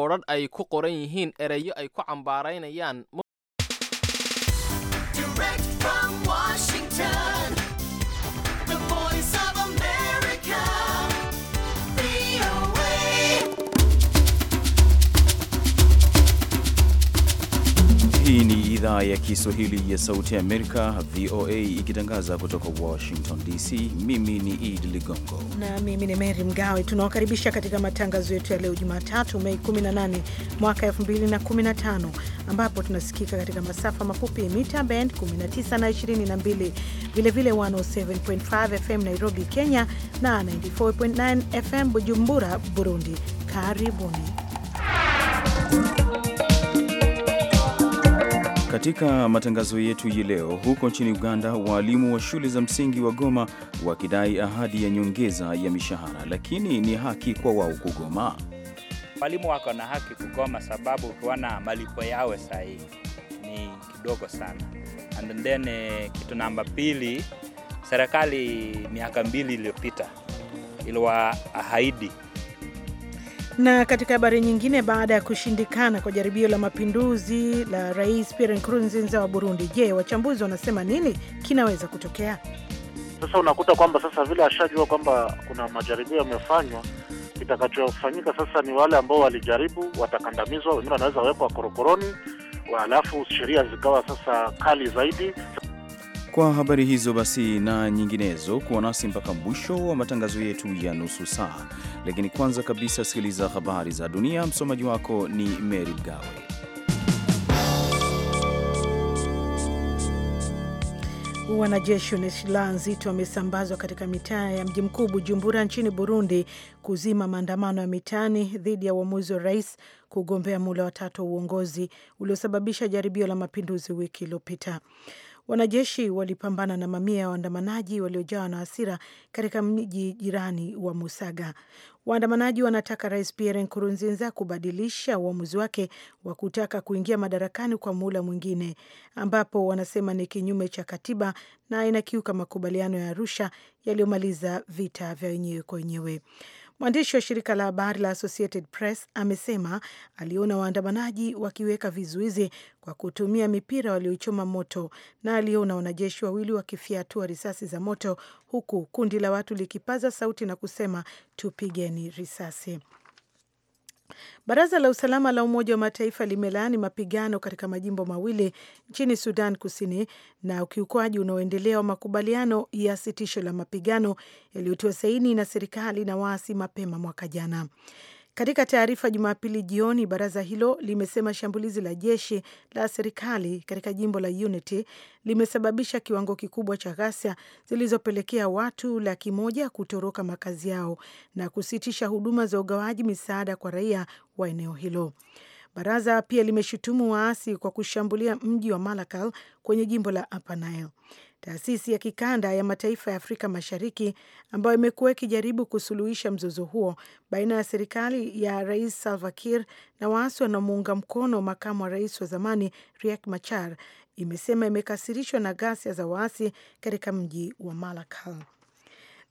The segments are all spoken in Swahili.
odhan ay ku qoran yihiin erayo ay ku cambaaraynayaan idhaa ya Kiswahili ya Sauti ya Amerika, VOA, ikitangaza kutoka Washington DC. Mimi ni Idi Ligongo na mimi ni Mary Mgawe. Tunawakaribisha katika matangazo yetu ya leo Jumatatu, Mei 18 mwaka 2015, ambapo tunasikika katika masafa mafupi mita band 19 na 22, vilevile 107.5 FM Nairobi, Kenya na 94.9 FM Bujumbura, Burundi. Karibuni. Katika matangazo yetu hii leo, huko nchini Uganda, waalimu wa shule za msingi wa Goma wakidai ahadi ya nyongeza ya mishahara. Lakini ni haki kwa wao kugoma? Walimu wako na haki kugoma, sababu ukiona malipo yao sahihi ni kidogo sana. And then eh, kitu namba pili, serikali miaka mbili iliyopita iliwaahidi na katika habari nyingine, baada ya kushindikana kwa jaribio la mapinduzi la Rais Pierre Nkurunziza wa Burundi, je, wachambuzi wanasema nini kinaweza kutokea? Sasa unakuta kwamba sasa vile ashajua kwamba kuna majaribio yamefanywa, kitakachofanyika sasa ni wale ambao walijaribu watakandamizwa, wengine wanaweza wekwa korokoroni, alafu sheria zikawa sasa kali zaidi. Kwa habari hizo basi na nyinginezo, kuwa nasi mpaka mwisho wa matangazo yetu ya nusu saa. Lakini kwanza kabisa, sikiliza habari za dunia. Msomaji wako ni mery Mgawe. Wanajeshi wenye silaha nzito wamesambazwa katika mitaa ya mji mkuu Bujumbura nchini Burundi kuzima maandamano ya mitaani dhidi ya uamuzi wa rais kugombea mula watatu wa uongozi uliosababisha jaribio la mapinduzi wiki iliyopita. Wanajeshi walipambana na mamia ya waandamanaji waliojawa na hasira katika mji jirani wa Musaga. Waandamanaji wanataka Rais Pierre Nkurunziza kubadilisha uamuzi wake wa kutaka kuingia madarakani kwa muhula mwingine, ambapo wanasema ni kinyume cha katiba na inakiuka makubaliano ya Arusha yaliyomaliza vita vya wenyewe kwa wenyewe. Mwandishi wa shirika la habari la Associated Press amesema aliona waandamanaji wakiweka vizuizi kwa kutumia mipira waliochoma moto na aliona wanajeshi wawili wakifyatua risasi za moto huku kundi la watu likipaza sauti na kusema tupigeni risasi. Baraza la Usalama la Umoja wa Mataifa limelaani mapigano katika majimbo mawili nchini Sudan Kusini na ukiukwaji unaoendelea wa makubaliano ya sitisho la mapigano yaliyotiwa saini na serikali na waasi mapema mwaka jana. Katika taarifa Jumapili jioni, baraza hilo limesema shambulizi la jeshi la serikali katika jimbo la Unity limesababisha kiwango kikubwa cha ghasia zilizopelekea watu laki moja kutoroka makazi yao na kusitisha huduma za ugawaji misaada kwa raia wa eneo hilo. Baraza pia limeshutumu waasi kwa kushambulia mji wa Malakal kwenye jimbo la Upper Nile. Taasisi ya kikanda ya mataifa ya Afrika Mashariki ambayo imekuwa ikijaribu kusuluhisha mzozo huo baina ya serikali ya Rais Salva Kiir na waasi wanaomuunga mkono makamu wa rais wa zamani Riek Machar imesema imekasirishwa na ghasia za waasi katika mji wa Malakal.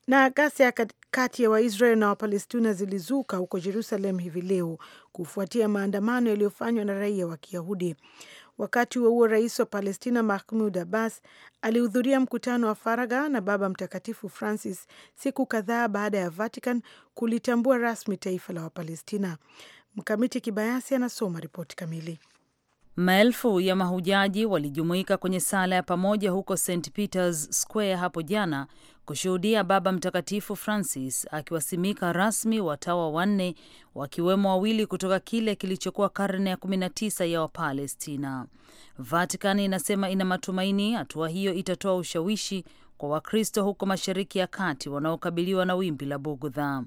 Na ghasia kati ya Waisrael na Wapalestina zilizuka huko Jerusalem hivi leo kufuatia maandamano yaliyofanywa na raia wa Kiyahudi. Wakati huo huo, rais wa Palestina Mahmud Abbas alihudhuria mkutano wa faragha na Baba Mtakatifu Francis siku kadhaa baada ya Vatican kulitambua rasmi taifa la Wapalestina. Mkamiti Kibayasi anasoma ripoti kamili. Maelfu ya mahujaji walijumuika kwenye sala ya pamoja huko St Peters Square hapo jana kushuhudia Baba Mtakatifu Francis akiwasimika rasmi watawa wanne wakiwemo wawili kutoka kile kilichokuwa karne ya 19 ya Wapalestina. Vatican inasema ina matumaini hatua hiyo itatoa ushawishi kwa Wakristo huko Mashariki ya Kati wanaokabiliwa na wimbi la bugudha.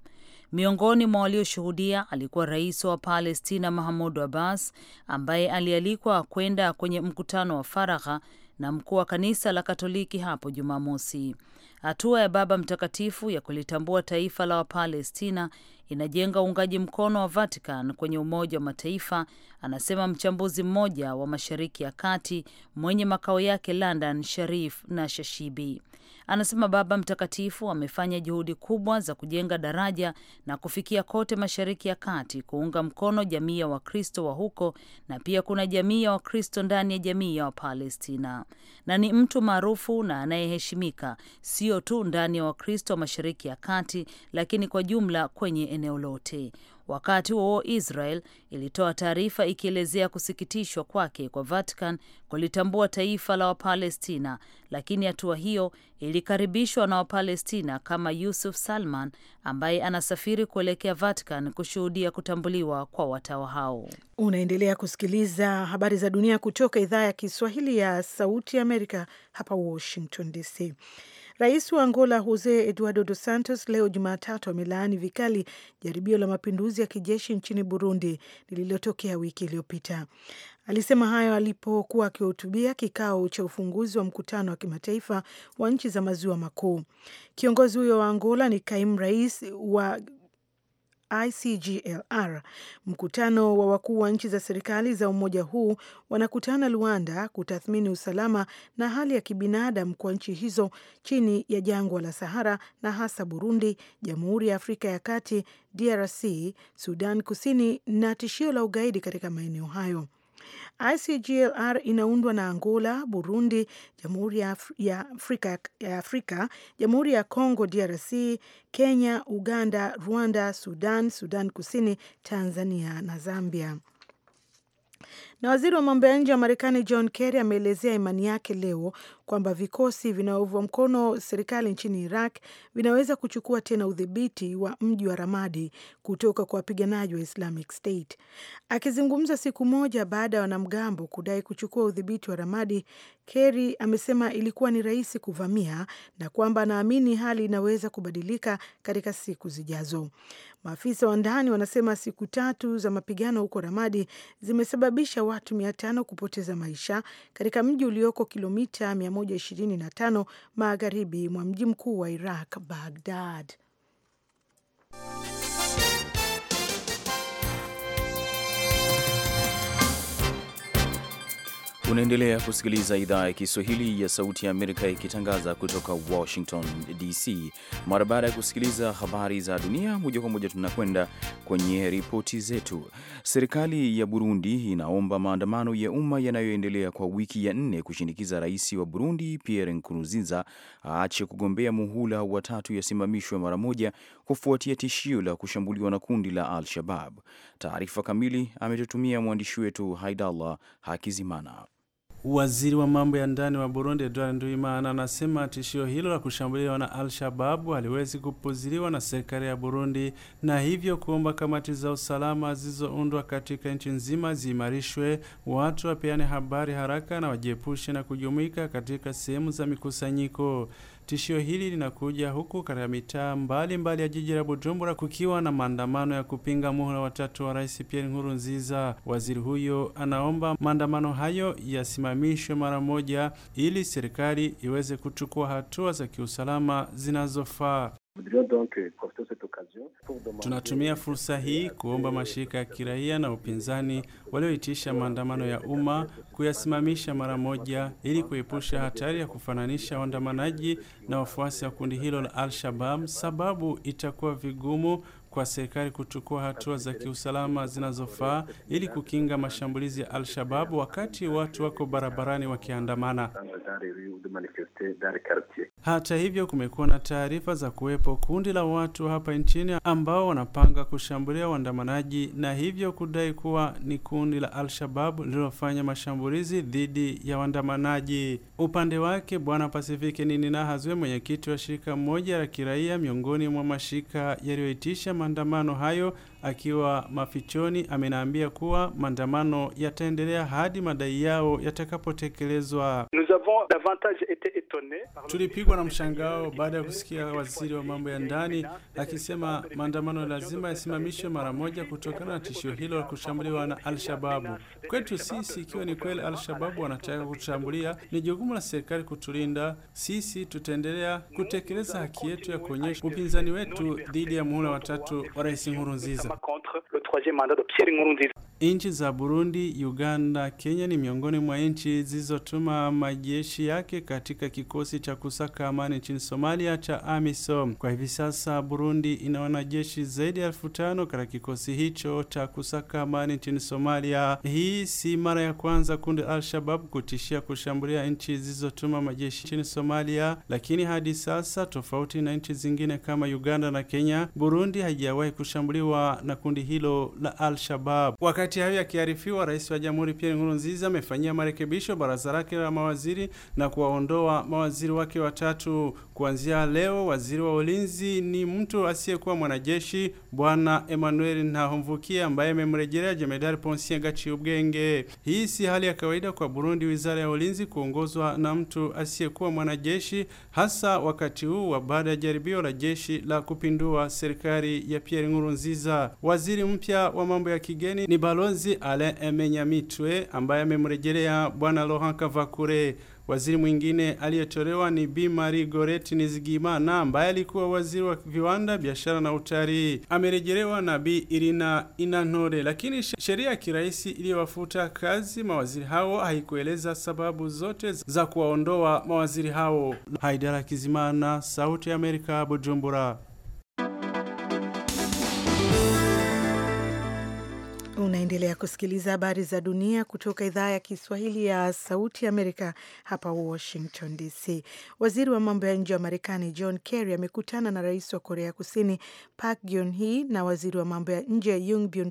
Miongoni mwa walioshuhudia alikuwa rais wa Palestina Mahmud Abbas, ambaye alialikwa kwenda kwenye mkutano wa faragha na mkuu wa kanisa la Katoliki hapo Jumamosi. Hatua ya Baba Mtakatifu ya kulitambua taifa la Wapalestina inajenga uungaji mkono wa Vatican kwenye Umoja wa Mataifa, anasema mchambuzi mmoja wa Mashariki ya Kati mwenye makao yake London, Sharif na Shashibi. Anasema Baba Mtakatifu amefanya juhudi kubwa za kujenga daraja na kufikia kote Mashariki ya Kati, kuunga mkono jamii ya Wakristo wa huko, na pia kuna jamii ya Wakristo ndani ya jamii ya Wapalestina, na ni mtu maarufu na anayeheshimika sio tu ndani ya Wakristo wa Mashariki ya Kati, lakini kwa jumla kwenye eneo lote. Wakati huo Israel ilitoa taarifa ikielezea kusikitishwa kwake kwa Vatican kulitambua taifa la Wapalestina, lakini hatua hiyo ilikaribishwa na Wapalestina kama Yusuf Salman ambaye anasafiri kuelekea Vatican kushuhudia kutambuliwa kwa watawa hao. Unaendelea kusikiliza habari za dunia kutoka idhaa ya Kiswahili ya Sauti ya Amerika hapa Washington DC. Rais wa Angola Jose Eduardo Dos Santos leo Jumatatu amelaani vikali jaribio la mapinduzi ya kijeshi nchini Burundi lililotokea wiki iliyopita. Alisema hayo alipokuwa akihutubia kikao cha ufunguzi wa mkutano wa kimataifa wa nchi za maziwa makuu. Kiongozi huyo wa Angola ni kaimu rais wa ICGLR. Mkutano wa wakuu wa nchi za serikali za umoja huu wanakutana Luanda kutathmini usalama na hali ya kibinadamu kwa nchi hizo chini ya jangwa la Sahara na hasa Burundi, Jamhuri ya Afrika ya Kati, DRC, Sudan Kusini na tishio la ugaidi katika maeneo hayo. ICGLR inaundwa na Angola, Burundi, Jamhuri ya Afrika ya Afrika, Jamhuri ya congo DRC, Kenya, Uganda, Rwanda, Sudan, Sudan Kusini, Tanzania na Zambia. Na waziri wa mambo ya nje wa Marekani John Kerry ameelezea imani yake leo kwamba vikosi vinaovua mkono serikali nchini Iraq vinaweza kuchukua tena udhibiti wa mji wa Ramadi kutoka kwa wapiganaji wa Islamic State. Akizungumza siku moja baada ya wanamgambo kudai kuchukua udhibiti wa Ramadi, Kerry amesema ilikuwa ni rahisi kuvamia na kwamba anaamini hali inaweza kubadilika katika siku zijazo. Maafisa wa ndani wanasema siku tatu za mapigano huko Ramadi zimesababisha watu mia tano kupoteza maisha katika mji ulioko kilomita mia moja 125 magharibi mwa mji mkuu wa Iraq, Baghdad. Unaendelea kusikiliza idhaa ya Kiswahili ya Sauti ya Amerika ikitangaza kutoka Washington DC. Mara baada ya kusikiliza habari za dunia moja kwa moja, tunakwenda kwenye ripoti zetu. Serikali ya Burundi inaomba maandamano ya umma yanayoendelea kwa wiki ya nne kushinikiza rais wa Burundi Pierre Nkurunziza aache kugombea muhula wa tatu yasimamishwe mara moja, kufuatia tishio la kushambuliwa na kundi la Al-Shabab. Taarifa kamili ametutumia mwandishi wetu Haidallah Hakizimana. Waziri wa mambo ya ndani wa Burundi Edouard Nduimana anasema tishio hilo la kushambuliwa na Al-Shababu haliwezi kupuziliwa na serikali ya Burundi na hivyo kuomba kamati za usalama zilizoundwa katika nchi nzima ziimarishwe, watu wapeane habari haraka na wajiepushe na kujumuika katika sehemu za mikusanyiko. Tishio hili linakuja huku katika mitaa mbalimbali ya jiji la Bujumbura kukiwa na maandamano ya kupinga muhula watatu wa Rais Pierre Nkurunziza. Waziri huyo anaomba maandamano hayo yasimamishwe mara moja, ili serikali iweze kuchukua hatua za kiusalama zinazofaa. Euh, Tunatumia fursa hii kuomba mashirika ya kiraia na upinzani walioitisha maandamano ya umma kuyasimamisha mara moja ili kuepusha hatari ya kufananisha waandamanaji na wafuasi wa kundi hilo la al shabab sababu itakuwa vigumu kwa serikali kuchukua hatua za kiusalama zinazofaa ili kukinga mashambulizi ya al shabab wakati watu wako barabarani wakiandamana. Hata hivyo, kumekuwa na taarifa za kuwepo kundi la watu hapa nchini ambao wanapanga kushambulia waandamanaji na hivyo kudai kuwa ni kundi la al shabab lililofanya mashambulizi dhidi ya waandamanaji. Upande wake, Bwana Pasifiki Nininahazwe, mwenyekiti wa shirika moja la kiraia miongoni mwa mashirika yaliyoitisha maandamano hayo akiwa mafichoni amenaambia kuwa maandamano yataendelea hadi madai yao yatakapotekelezwa. Tulipigwa na mshangao baada ya kusikia waziri wa mambo ya ndani akisema maandamano lazima yasimamishwe mara moja kutokana na tishio hilo la kushambuliwa na Al-Shababu. Kwetu sisi, ikiwa ni kweli Al-Shababu wanataka kutushambulia, ni jukumu la serikali kutulinda. Sisi tutaendelea kutekeleza haki yetu ya kuonyesha upinzani wetu dhidi ya muhula watatu wa Rais Nkurunziza. contre le troisième mandat de Pierre Nkurunziza. Nchi za Burundi, Uganda, Kenya ni miongoni mwa nchi zilizotuma majeshi yake katika kikosi cha kusaka amani nchini Somalia cha AMISOM. Kwa hivi sasa Burundi ina wanajeshi zaidi ya elfu tano katika kikosi hicho cha kusaka amani nchini Somalia. Hii si mara ya kwanza kundi Al-Shabab kutishia kushambulia nchi zilizotuma majeshi nchini Somalia, lakini hadi sasa, tofauti na nchi zingine kama Uganda na Kenya, Burundi haijawahi kushambuliwa na kundi hilo la Al-Shabab. Wakati Wakati hayo yakiarifiwa, rais wa jamhuri Pierre Nkurunziza amefanyia marekebisho baraza lake la mawaziri na kuwaondoa mawaziri wake watatu kuanzia leo. Waziri wa ulinzi ni mtu asiyekuwa mwanajeshi Bwana Emmanuel Ntahomvukiye ambaye amemrejelea Jemedari Poncien Gaciubwenge. Hii si hali ya kawaida kwa Burundi, wizara ya ulinzi kuongozwa na mtu asiyekuwa mwanajeshi, hasa wakati huu wa baada ya jaribio la jeshi la kupindua serikali ya Pierre Nkurunziza. Waziri mpya wa mambo ya kigeni ni balo Balozi Alain Emenya Mitwe ambaye amemrejelea Bwana Laurent Kavakure. Waziri mwingine aliyetolewa ni Bi Marie goreti Nizigimana ambaye alikuwa waziri wa viwanda, biashara na utalii, amerejelewa na Bi Irina Inantore. Lakini sheria ya kiraisi iliyowafuta kazi mawaziri hao haikueleza sababu zote za kuwaondoa mawaziri hao. Haidara Kizimana, Sauti ya Amerika, Bujumbura. Unaendelea kusikiliza habari za dunia kutoka idhaa ya Kiswahili ya Sauti Amerika hapa Washington DC. Waziri wa mambo ya nje wa Marekani John Kerry amekutana na rais wa Korea Kusini Park Geun Hye na waziri wa mambo ya nje Yung Byun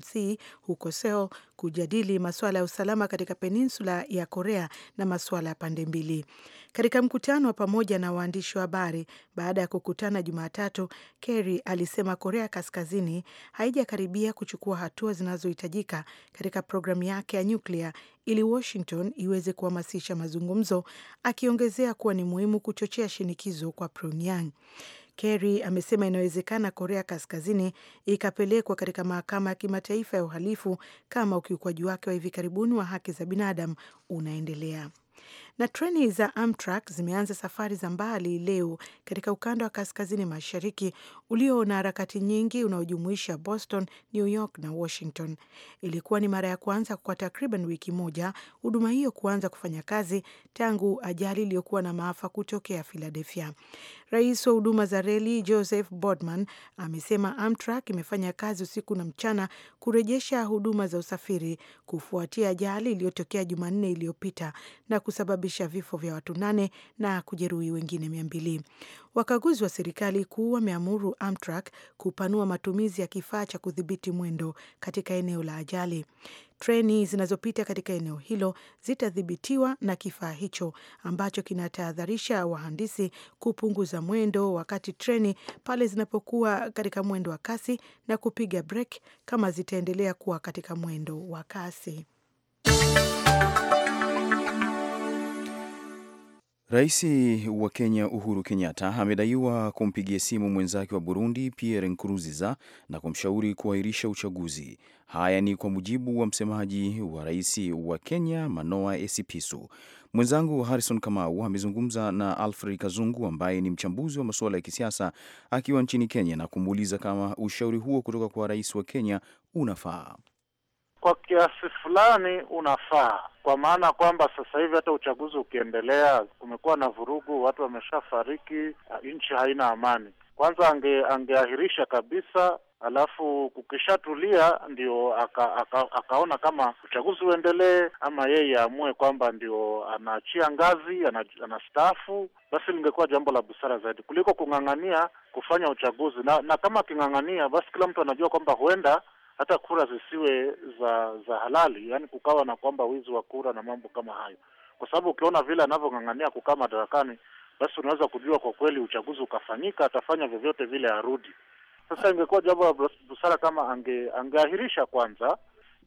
huko Seoul kujadili masuala ya usalama katika peninsula ya Korea na masuala ya pande mbili. Katika mkutano wa pamoja na waandishi wa habari baada ya kukutana Jumatatu, Kerry alisema Korea Kaskazini haijakaribia kuchukua hatua zinazohitajika katika programu yake ya nyuklia ili Washington iweze kuhamasisha mazungumzo, akiongezea kuwa ni muhimu kuchochea shinikizo kwa Pyongyang. Kerry amesema inawezekana Korea Kaskazini ikapelekwa katika mahakama ya kimataifa ya uhalifu kama ukiukwaji wake wa hivi karibuni wa haki za binadamu unaendelea. Na treni za Amtrak zimeanza safari za mbali leo katika ukanda wa kaskazini mashariki ulio na harakati nyingi unaojumuisha Boston, New York na Washington. Ilikuwa ni mara ya kwanza kwa takriban wiki moja huduma hiyo kuanza kufanya kazi tangu ajali iliyokuwa na maafa kutokea Philadelphia. Rais wa huduma za reli Joseph Boardman amesema Amtrak imefanya kazi usiku na mchana kurejesha huduma za usafiri kufuatia ajali iliyotokea Jumanne iliyopita na kusababisha kusababisha vifo vya watu nane na kujeruhi wengine mia mbili. Wakaguzi wa serikali kuu wameamuru Amtrak kupanua matumizi ya kifaa cha kudhibiti mwendo katika eneo la ajali. Treni zinazopita katika eneo hilo zitadhibitiwa na kifaa hicho ambacho kinatahadharisha wahandisi kupunguza mwendo wakati treni pale zinapokuwa katika mwendo wa kasi na kupiga breki kama zitaendelea kuwa katika mwendo wa kasi. Rais wa Kenya Uhuru Kenyatta amedaiwa kumpigia simu mwenzake wa Burundi Pierre Nkurunziza na kumshauri kuahirisha uchaguzi. Haya ni kwa mujibu wa msemaji wa rais wa Kenya Manoa Esipisu. Mwenzangu Harrison Kamau amezungumza na Alfred Kazungu ambaye ni mchambuzi wa masuala ya kisiasa akiwa nchini Kenya na kumuuliza kama ushauri huo kutoka kwa rais wa Kenya unafaa kwa kiasi fulani unafaa, kwa maana kwamba sasa hivi hata uchaguzi ukiendelea, kumekuwa na vurugu, watu wameshafariki, nchi haina amani. Kwanza ange, angeahirisha kabisa, alafu kukishatulia ndio aka, aka, akaona kama uchaguzi uendelee, ama yeye aamue kwamba ndio anaachia ngazi, anastaafu, basi lingekuwa jambo la busara zaidi kuliko kung'ang'ania kufanya uchaguzi na, na kama aking'ang'ania, basi kila mtu anajua kwamba huenda hata kura zisiwe za za halali, yaani kukawa na kwamba wizi wa kura na mambo kama hayo, kwa sababu ukiona vile anavyong'ang'ania kukaa madarakani, basi unaweza kujua kwa kweli uchaguzi ukafanyika, atafanya vyovyote vile arudi. Sasa ingekuwa jambo la busara kama ange- angeahirisha kwanza.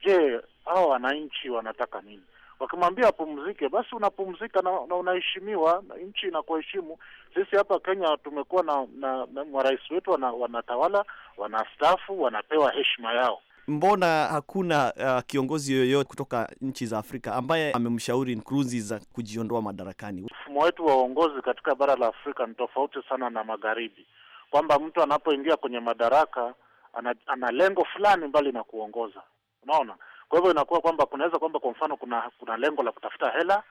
Je, hawa wananchi wanataka nini? wakimwambia apumzike, basi unapumzika na, na unaheshimiwa na nchi inakuheshimu. Sisi hapa Kenya tumekuwa na, na, na marais wetu wanatawala, wana wanastaafu, wanapewa heshima yao. Mbona hakuna uh, kiongozi yoyote kutoka nchi za Afrika ambaye amemshauri Nkurunziza kujiondoa madarakani? Mfumo wetu wa uongozi katika bara la Afrika ni tofauti sana na magharibi, kwamba mtu anapoingia kwenye madaraka ana, ana lengo fulani mbali na kuongoza. Unaona, kwa hivyo inakuwa kwamba kunaweza kwamba kwa mfano kuna kuna lengo la kutafuta hela,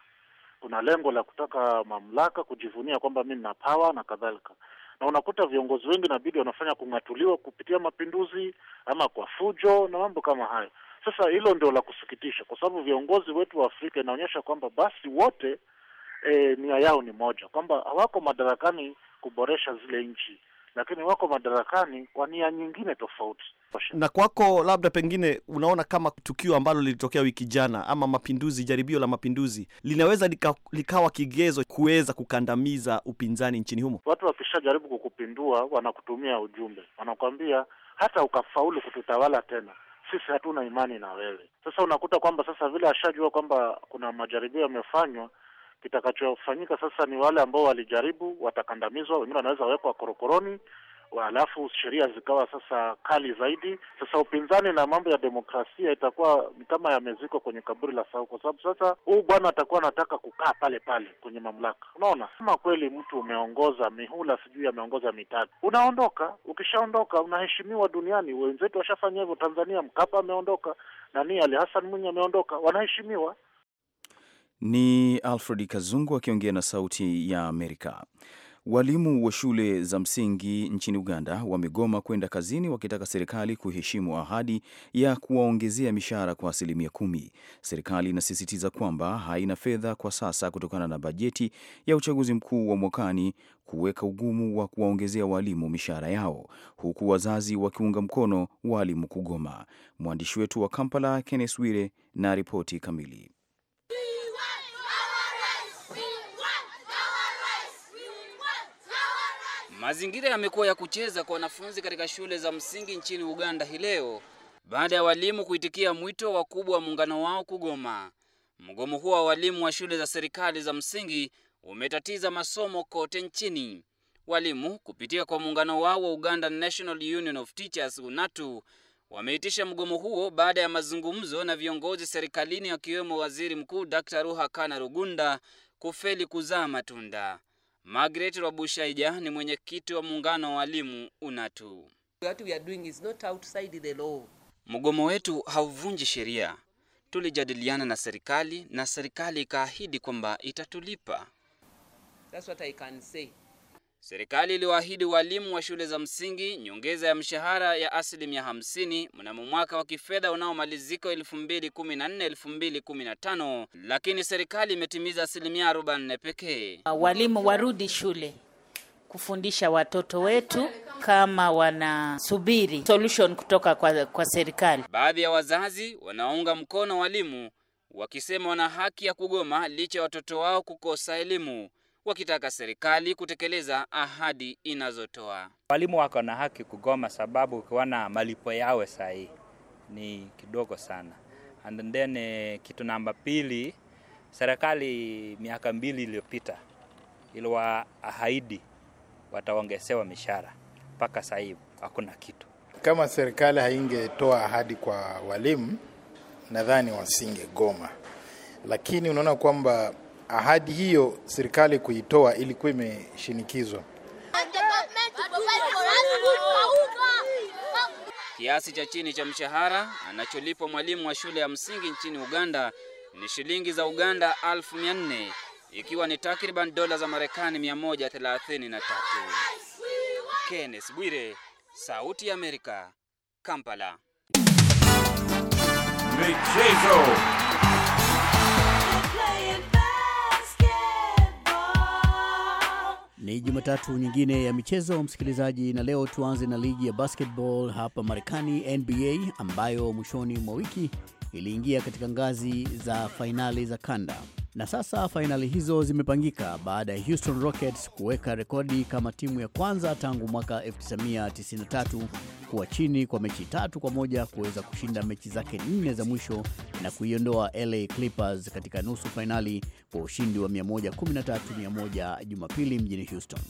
kuna lengo la kutaka mamlaka, kujivunia kwamba mimi nina power na kadhalika, na unakuta viongozi wengi nabidi wanafanya kung'atuliwa kupitia mapinduzi ama kwa fujo na mambo kama hayo. Sasa hilo ndio la kusikitisha, kwa sababu viongozi wetu wa Afrika inaonyesha kwamba basi wote e, nia yao ni moja, kwamba hawako madarakani kuboresha zile nchi lakini wako madarakani kwa nia nyingine tofauti. Na kwako, labda pengine unaona kama tukio ambalo lilitokea wiki jana ama mapinduzi, jaribio la mapinduzi linaweza lika, likawa kigezo kuweza kukandamiza upinzani nchini humo. Watu wakishajaribu kukupindua, wanakutumia ujumbe, wanakuambia hata ukafaulu kututawala tena sisi hatuna imani na wewe. Sasa unakuta kwamba sasa vile ashajua kwamba kuna majaribio yamefanywa, Kitakachofanyika sasa ni wale ambao walijaribu watakandamizwa, wengine wanaweza wekwa korokoroni, alafu sheria zikawa sasa kali zaidi. Sasa upinzani na mambo ya demokrasia itakuwa ni kama yamezikwa kwenye kaburi la sahau, kwa sababu sasa huu bwana atakuwa anataka kukaa pale pale kwenye mamlaka. Unaona, kama kweli mtu umeongoza mihula sijui ameongoza mitatu, unaondoka. Ukishaondoka unaheshimiwa duniani. Wenzetu washafanya hivyo Tanzania, Mkapa ameondoka, nani Ali Hassan Mwinyi ameondoka, wanaheshimiwa. Ni Alfred Kazungu akiongea na Sauti ya Amerika. Walimu wa shule za msingi nchini Uganda wamegoma kwenda kazini wakitaka serikali kuheshimu ahadi ya kuwaongezea mishahara kwa asilimia kumi. Serikali inasisitiza kwamba haina fedha kwa sasa kutokana na bajeti ya uchaguzi mkuu wa mwakani kuweka ugumu wa kuwaongezea walimu mishahara yao, huku wazazi wakiunga mkono walimu kugoma. Mwandishi wetu wa Kampala, Kenneth Wire, na ripoti kamili. Mazingira yamekuwa ya kucheza kwa wanafunzi katika shule za msingi nchini Uganda hii leo baada ya walimu kuitikia mwito kubwa wa muungano wao kugoma. Mgomo huo wa walimu wa shule za serikali za msingi umetatiza masomo kote nchini. Walimu kupitia kwa muungano wao wa Uganda National Union of Teachers UNATU wameitisha mgomo huo baada ya mazungumzo na viongozi serikalini akiwemo Waziri Mkuu Dr. Ruhakana Rugunda kufeli kuzaa matunda. Margaret Wabushaija ni mwenyekiti wa muungano wa walimu UNATU. What we are doing is not outside the law. Mgomo wetu hauvunji sheria. Tulijadiliana na serikali na serikali ikaahidi kwamba itatulipa. That's what I can say. Serikali iliwaahidi walimu wa shule za msingi nyongeza ya mshahara ya asilimia hamsini mnamo mwaka wa kifedha unaomalizika 2014 2015, lakini serikali imetimiza asilimia 40 pekee. Uh, walimu warudi shule kufundisha watoto wetu kama wanasubiri solution kutoka kwa, kwa serikali. Baadhi ya wazazi wanaunga mkono walimu wakisema wana haki ya kugoma licha ya watoto wao kukosa elimu wakitaka serikali kutekeleza ahadi inazotoa. Walimu wako na haki kugoma, sababu ukiwana malipo yao sahii ni kidogo sana. And then eh, kitu namba pili, serikali miaka mbili iliyopita ahaidi wataongezewa mishahara, mpaka sahii hakuna kitu. Kama serikali haingetoa ahadi kwa walimu, nadhani wasingegoma, lakini unaona kwamba ahadi hiyo serikali kuitoa ilikuwa imeshinikizwa. Kiasi cha chini cha mshahara anacholipwa mwalimu wa shule ya msingi nchini Uganda ni shilingi za Uganda 1400 ikiwa ni takriban dola za Marekani 133. Kenneth Bwire, Sauti ya Amerika, Kampala. Michezo. tatu nyingine ya michezo, msikilizaji, na leo tuanze na ligi ya basketball hapa Marekani, NBA, ambayo mwishoni mwa wiki iliingia katika ngazi za fainali za kanda na sasa fainali hizo zimepangika baada ya Houston Rockets kuweka rekodi kama timu ya kwanza tangu mwaka 1993 kuwa chini kwa mechi tatu kwa moja kuweza kushinda mechi zake nne za mwisho na kuiondoa LA Clippers katika nusu fainali kwa ushindi wa 113 Jumapili mjini Houston.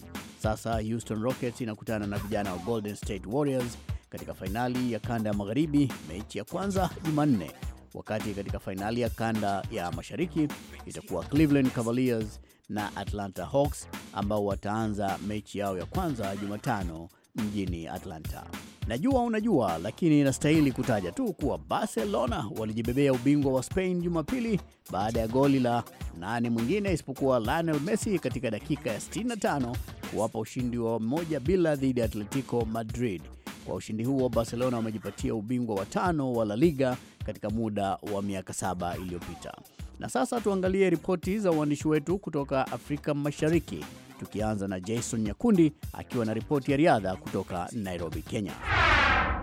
Sasa Houston Rockets inakutana na vijana wa Golden State Warriors katika fainali ya kanda ya magharibi, mechi ya kwanza Jumanne wakati katika fainali ya kanda ya mashariki itakuwa Cleveland Cavaliers na Atlanta Hawks ambao wataanza mechi yao ya kwanza Jumatano mjini Atlanta. Najua unajua, lakini inastahili kutaja tu kuwa Barcelona walijibebea ubingwa wa Spain Jumapili baada ya goli la nani mwingine isipokuwa Lionel Messi katika dakika ya 65 kuwapa ushindi wa moja bila dhidi ya Atletico Madrid. Kwa ushindi huo, Barcelona wamejipatia ubingwa wa tano wa La Liga katika muda wa miaka saba iliyopita. Na sasa tuangalie ripoti za uandishi wetu kutoka Afrika Mashariki, tukianza na Jason Nyakundi akiwa na ripoti ya riadha kutoka Nairobi, Kenya.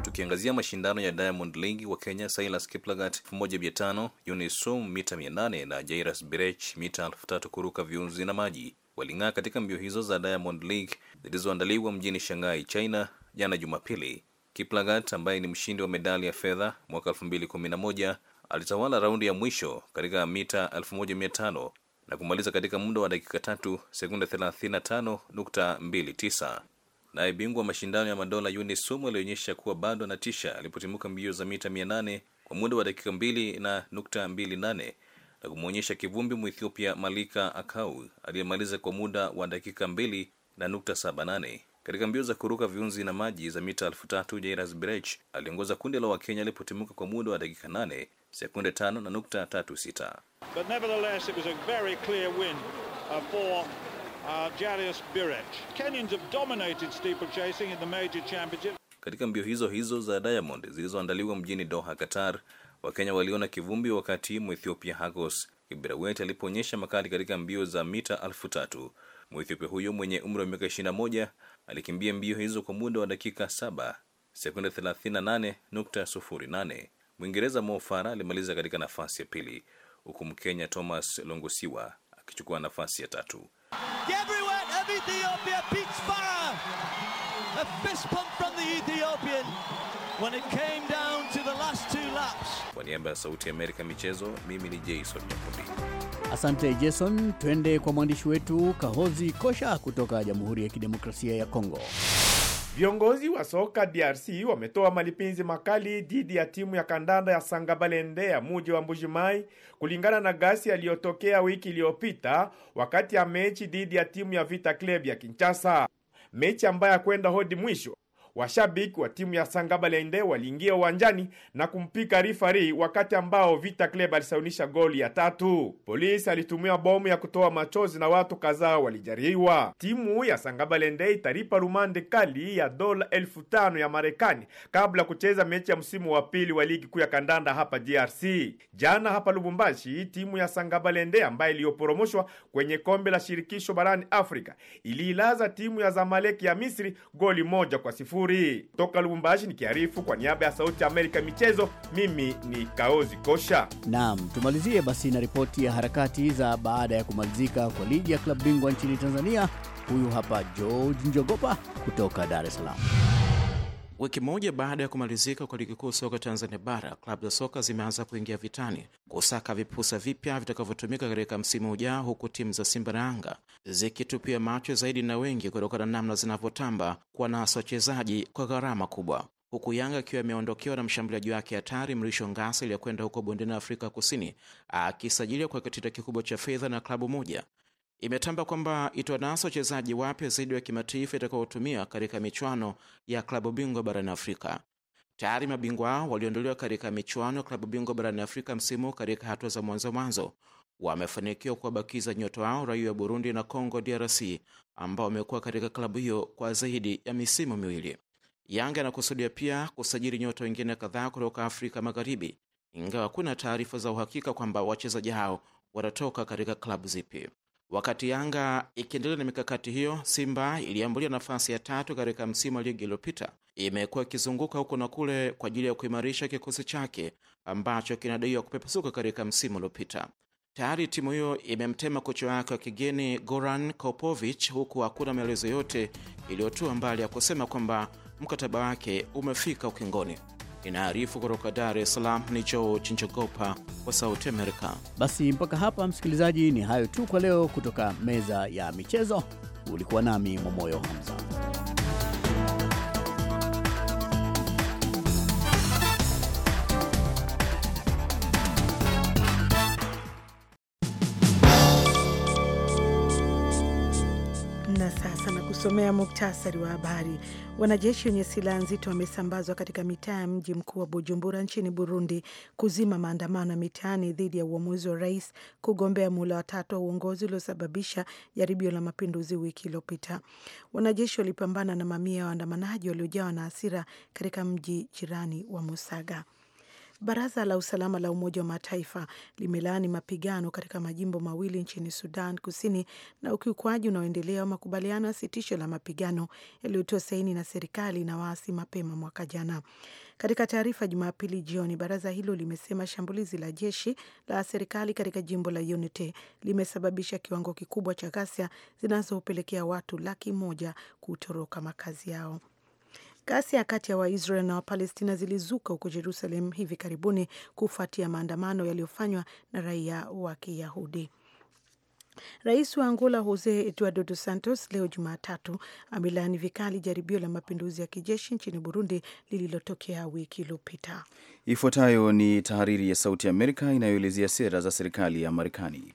Tukiangazia mashindano ya Diamond League wa Kenya, Silas Kiplagat 1500, Yunisum mita 800 na Jairus Birech mita 3000 kuruka viunzi na maji waling'aa katika mbio hizo za Diamond League zilizoandaliwa mjini Shanghai, China jana Jumapili. Kiplagat ambaye ni mshindi wa medali ya fedha mwaka 2011 alitawala raundi ya mwisho katika mita 1500 na kumaliza katika muda wa dakika tatu sekunde 35.29. Naye bingwa mashindano ya madola Yuni Sumu alionyesha kuwa bado anatisha alipotimuka mbio za mita 800 kwa muda wa dakika 2 na nukta 28 na kumwonyesha kivumbi Mwethiopia Malika Akau aliyemaliza kwa muda wa dakika 2 na nukta 78. Katika mbio za kuruka viunzi na maji za mita elfu tatu Jairus Birech aliongoza kundi la Wakenya alipotimuka kwa muda wa dakika 8 sekunde 5 na nukta tatu But nevertheless it was a very clear win uh, for uh, Jairus Birech. Kenyans have dominated steeplechasing in the major championship. Katika mbio hizo hizo za Diamond zilizoandaliwa mjini Doha, Qatar, Wakenya waliona kivumbi wakati Mwethiopia Hagos Kibrawet alipoonyesha makali katika mbio za mita elfu tatu. Mwethiopia huyo mwenye umri wa miaka alikimbia mbio hizo kwa muda wa dakika 7 sekunde 38.08. Mwingereza Mo Farah alimaliza katika nafasi ya pili huku Mkenya Thomas Longosiwa akichukua nafasi ya tatu. When it came down the last two laps. Kwa niaba ya Sauti ya Amerika michezo, mimi ni Jason Nyakundi. Asante Jason, twende kwa mwandishi wetu Kahozi Kosha kutoka Jamhuri ya Kidemokrasia ya Kongo. Viongozi wa soka DRC wametoa malipinzi makali dhidi ya timu ya kandanda ya Sangabalende ya muji wa Mbujimai kulingana na gasi yaliyotokea wiki iliyopita wakati ya mechi dhidi ya timu ya Vita Club ya Kinshasa, mechi ambayo ya kwenda hodi mwisho Washabiki wa timu ya Sangabalende waliingia uwanjani na kumpika rifari wakati ambao Vita Club alisaunisha goli ya tatu. Polisi alitumia bomu ya kutoa machozi na watu kadhaa walijariwa. Timu ya Sangabalende italipa rumande kali ya dola elfu tano ya Marekani kabla kucheza mechi ya msimu wa pili wa ligi kuu ya kandanda hapa DRC. Jana hapa Lubumbashi, timu ya Sangabalende ambayo iliyoporomoshwa kwenye kombe la shirikisho barani Afrika iliilaza timu ya Zamalek ya Misri goli moja kwa sifuri sifuri. Toka Lubumbashi nikiarifu kwa niaba ya Sauti ya Amerika michezo, mimi ni Kaozi Kosha. Naam, tumalizie basi na ripoti ya harakati za baada ya kumalizika kwa ligi ya klabu bingwa nchini Tanzania. Huyu hapa George Njogopa kutoka Dar es Salaam. Wiki moja baada ya kumalizika kwa ligi kuu soka Tanzania Bara, klabu za soka zimeanza kuingia vitani kusaka vipusa vipya vitakavyotumika katika msimu ujao, huku timu za Simba na Yanga zikitupia macho zaidi na wengi kutokana na namna zinavyotamba kuwanasa wachezaji kwa gharama kubwa, huku Yanga akiwa ameondokewa na mshambuliaji wake hatari Mrisho Ngasa iliyokwenda huko bondeni Afrika Kusini akisajiliwa kwa kitita kikubwa cha fedha na klabu moja imetamba kwamba itanasa wachezaji wapya zaidi wa kimataifa itakaotumia katika michuano ya klabu bingwa barani Afrika. Tayari mabingwa hao walioondoliwa katika michuano ya klabu bingwa barani Afrika msimu katika hatua za mwanzo mwanzo wamefanikiwa kuwabakiza nyota wao raia wa Burundi na Congo DRC ambao wamekuwa katika klabu hiyo kwa zaidi ya misimu miwili. Yanga anakusudia pia kusajili nyota wengine kadhaa kutoka Afrika Magharibi, ingawa hakuna taarifa za uhakika kwamba wachezaji hao watatoka katika klabu zipi. Wakati Yanga ikiendelea na mikakati hiyo, Simba iliambulia nafasi ya tatu katika msimu wa ligi iliyopita. Imekuwa ikizunguka huko na kule kwa ajili ya kuimarisha kikosi chake ambacho kinadaiwa kupepesuka katika msimu uliopita. Tayari timu hiyo imemtema kocha wake wa kigeni Goran kopovich huku hakuna maelezo yote iliyotua mbali ya kusema kwamba mkataba wake umefika ukingoni. Inaarifu kutoka Dar es Salaam ni George Njogopa kwa Sauti Amerika. Basi mpaka hapa, msikilizaji, ni hayo tu kwa leo kutoka meza ya michezo. Ulikuwa nami Momoyo Hamza. Na sasa kusomea muktasari wa habari. Wanajeshi wenye silaha nzito wamesambazwa katika mitaa ya mji mkuu wa Bujumbura nchini Burundi kuzima maandamano ya mitaani dhidi ya uamuzi wa rais kugombea muhula watatu wa uongozi uliosababisha jaribio la mapinduzi wiki iliyopita. Wanajeshi walipambana na mamia ya waandamanaji waliojawa na hasira katika mji jirani wa Musaga. Baraza la Usalama la Umoja wa Mataifa limelaani mapigano katika majimbo mawili nchini Sudan Kusini na ukiukwaji unaoendelea wa makubaliano ya sitisho la mapigano yaliyotoa saini na serikali na waasi mapema mwaka jana. Katika taarifa Jumapili jioni, baraza hilo limesema shambulizi la jeshi la serikali katika jimbo la Unity limesababisha kiwango kikubwa cha ghasia zinazopelekea watu laki moja kutoroka makazi yao. Ghasia kati ya Waisrael na Wapalestina zilizuka huko Jerusalem hivi karibuni kufuatia maandamano yaliyofanywa na raia wa Kiyahudi. Rais wa Angola Jose Eduardo Dos Santos leo Jumatatu amelaani vikali jaribio la mapinduzi ya kijeshi nchini Burundi lililotokea wiki iliyopita. Ifuatayo ni tahariri ya Sauti ya Amerika inayoelezea sera za serikali ya Marekani.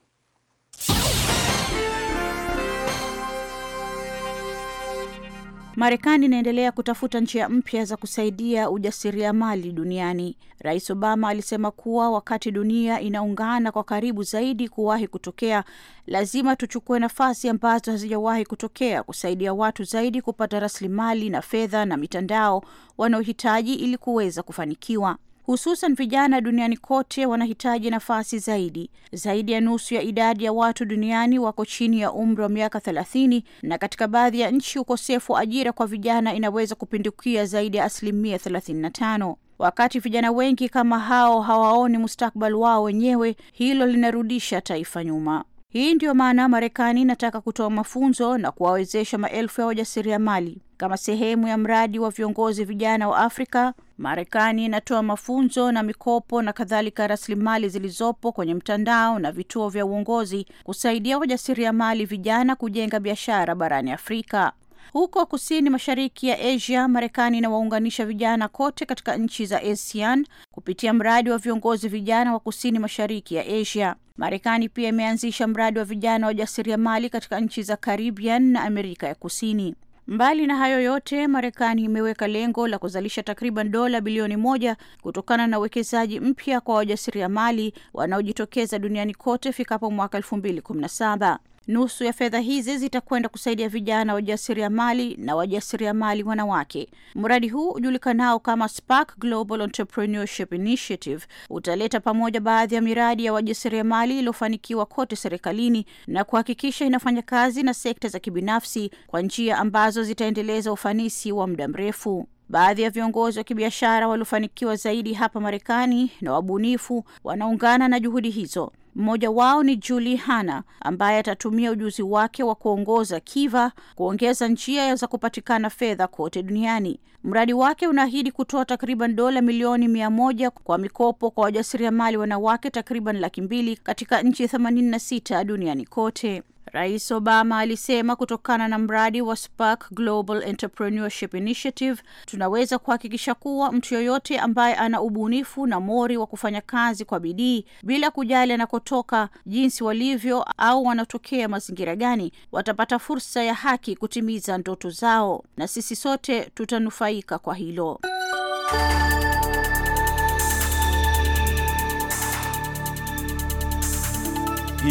Marekani inaendelea kutafuta njia mpya za kusaidia ujasiriamali duniani. Rais Obama alisema kuwa wakati dunia inaungana kwa karibu zaidi kuwahi kutokea, lazima tuchukue nafasi ambazo hazijawahi kutokea kusaidia watu zaidi kupata rasilimali na fedha na mitandao wanaohitaji ili kuweza kufanikiwa hususan vijana duniani kote wanahitaji nafasi zaidi. Zaidi ya nusu ya idadi ya watu duniani wako chini ya umri wa miaka thelathini, na katika baadhi ya nchi ukosefu wa ajira kwa vijana inaweza kupindukia zaidi ya asilimia thelathini na tano. Wakati vijana wengi kama hao hawaoni mustakabali wao wenyewe, hilo linarudisha taifa nyuma. Hii ndiyo maana Marekani inataka kutoa mafunzo na kuwawezesha maelfu ya wajasiriamali kama sehemu ya mradi wa viongozi vijana wa Afrika. Marekani inatoa mafunzo na mikopo na kadhalika, rasilimali zilizopo kwenye mtandao na vituo vya uongozi kusaidia wajasiriamali vijana kujenga biashara barani Afrika. Huko kusini mashariki ya Asia, Marekani inawaunganisha vijana kote katika nchi za ASEAN kupitia mradi wa viongozi vijana wa kusini mashariki ya Asia. Marekani pia imeanzisha mradi wa vijana wajasiriamali katika nchi za Caribbean na Amerika ya Kusini. Mbali na hayo yote, Marekani imeweka lengo la kuzalisha takriban dola bilioni moja kutokana na uwekezaji mpya kwa wajasiriamali wanaojitokeza duniani kote ifikapo mwaka elfu mbili kumi na saba. Nusu ya fedha hizi zitakwenda kusaidia vijana wajasiriamali na wajasiriamali wanawake. Mradi huu ujulikanao kama Spark Global Entrepreneurship Initiative utaleta pamoja baadhi ya miradi ya wajasiriamali iliyofanikiwa kote serikalini na kuhakikisha inafanya kazi na sekta za kibinafsi kwa njia ambazo zitaendeleza ufanisi wa muda mrefu. Baadhi ya viongozi wa kibiashara waliofanikiwa zaidi hapa Marekani na wabunifu wanaungana na juhudi hizo. Mmoja wao ni juli Hanna ambaye atatumia ujuzi wake wa kuongoza Kiva kuongeza njia za kupatikana fedha kote duniani. Mradi wake unaahidi kutoa takriban dola milioni mia moja kwa mikopo kwa wajasiriamali wanawake takriban laki mbili katika nchi 86 duniani kote. Rais Obama alisema kutokana na mradi wa Spark Global Entrepreneurship Initiative tunaweza kuhakikisha kuwa mtu yoyote ambaye ana ubunifu na mori wa kufanya kazi kwa bidii bila kujali anakotoka, jinsi walivyo au wanatokea mazingira gani, watapata fursa ya haki kutimiza ndoto zao, na sisi sote tutanufaika kwa hilo.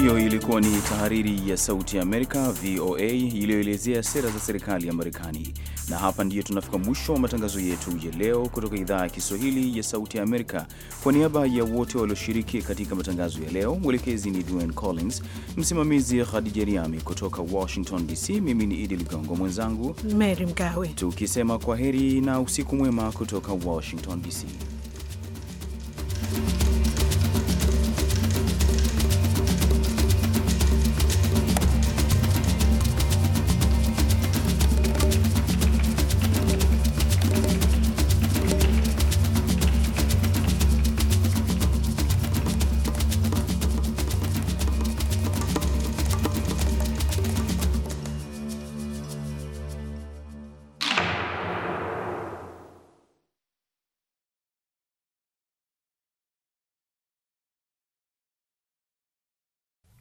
Hiyo ilikuwa ni tahariri ya Sauti ya Amerika, VOA, iliyoelezea sera za serikali ya Marekani. Na hapa ndiyo tunafika mwisho wa matangazo yetu ya leo kutoka idhaa ya Kiswahili ya Sauti ya Amerika. Kwa niaba ya wote walioshiriki katika matangazo ya leo, mwelekezi ni Duane Collins, msimamizi Khadija Riami kutoka Washington DC. Mimi ni Idi Ligongo, mwenzangu Mary Mgawe, tukisema kwa heri na usiku mwema kutoka Washington DC.